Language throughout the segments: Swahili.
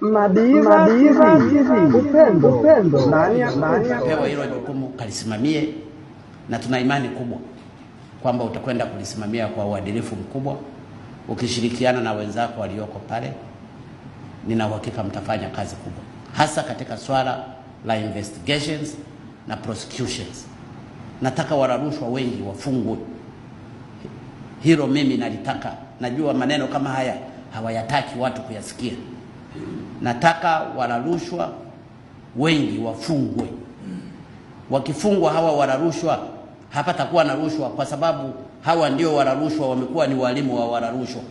Madiva upendo upendo, nani pewa hilo jukumu kalisimamie, na tuna imani kubwa kwamba utakwenda kulisimamia kwa uadilifu mkubwa ukishirikiana na wenzako walioko pale. Nina uhakika mtafanya kazi kubwa, hasa katika swala la investigations na prosecutions. Nataka wararushwa wengi wafungwe. Hilo mimi nalitaka. Najua maneno kama haya hawayataki watu kuyasikia. Nataka wararushwa wengi wafungwe. Wakifungwa hawa walarushwa, hapatakuwa na rushwa, kwa sababu hawa ndio wararushwa wamekuwa ni walimu wa wararushwa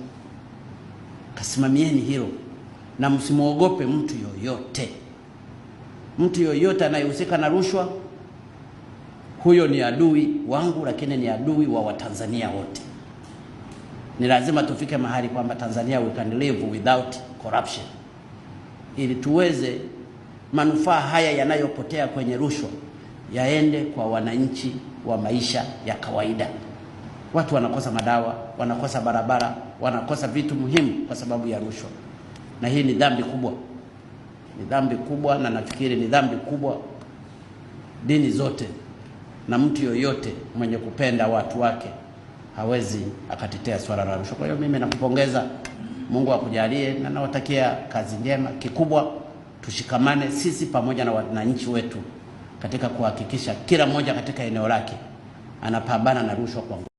Kasimamieni hilo na msimwogope mtu yoyote. Mtu yoyote anayehusika na rushwa huyo ni adui wangu, lakini ni adui wa Watanzania wote. Ni lazima tufike mahali kwamba Tanzania we can live without corruption ili tuweze manufaa haya yanayopotea kwenye rushwa yaende kwa wananchi wa maisha ya kawaida. Watu wanakosa madawa, wanakosa barabara, wanakosa vitu muhimu kwa sababu ya rushwa, na hii ni dhambi kubwa, ni dhambi kubwa, na nafikiri ni dhambi kubwa dini zote na mtu yoyote mwenye kupenda watu wake hawezi akatetea swala la rushwa. Kwa hiyo mimi nakupongeza. Mungu akujalie na nawatakia kazi njema. Kikubwa tushikamane sisi pamoja na wananchi wetu katika kuhakikisha kila mmoja katika eneo lake anapambana na rushwa kwa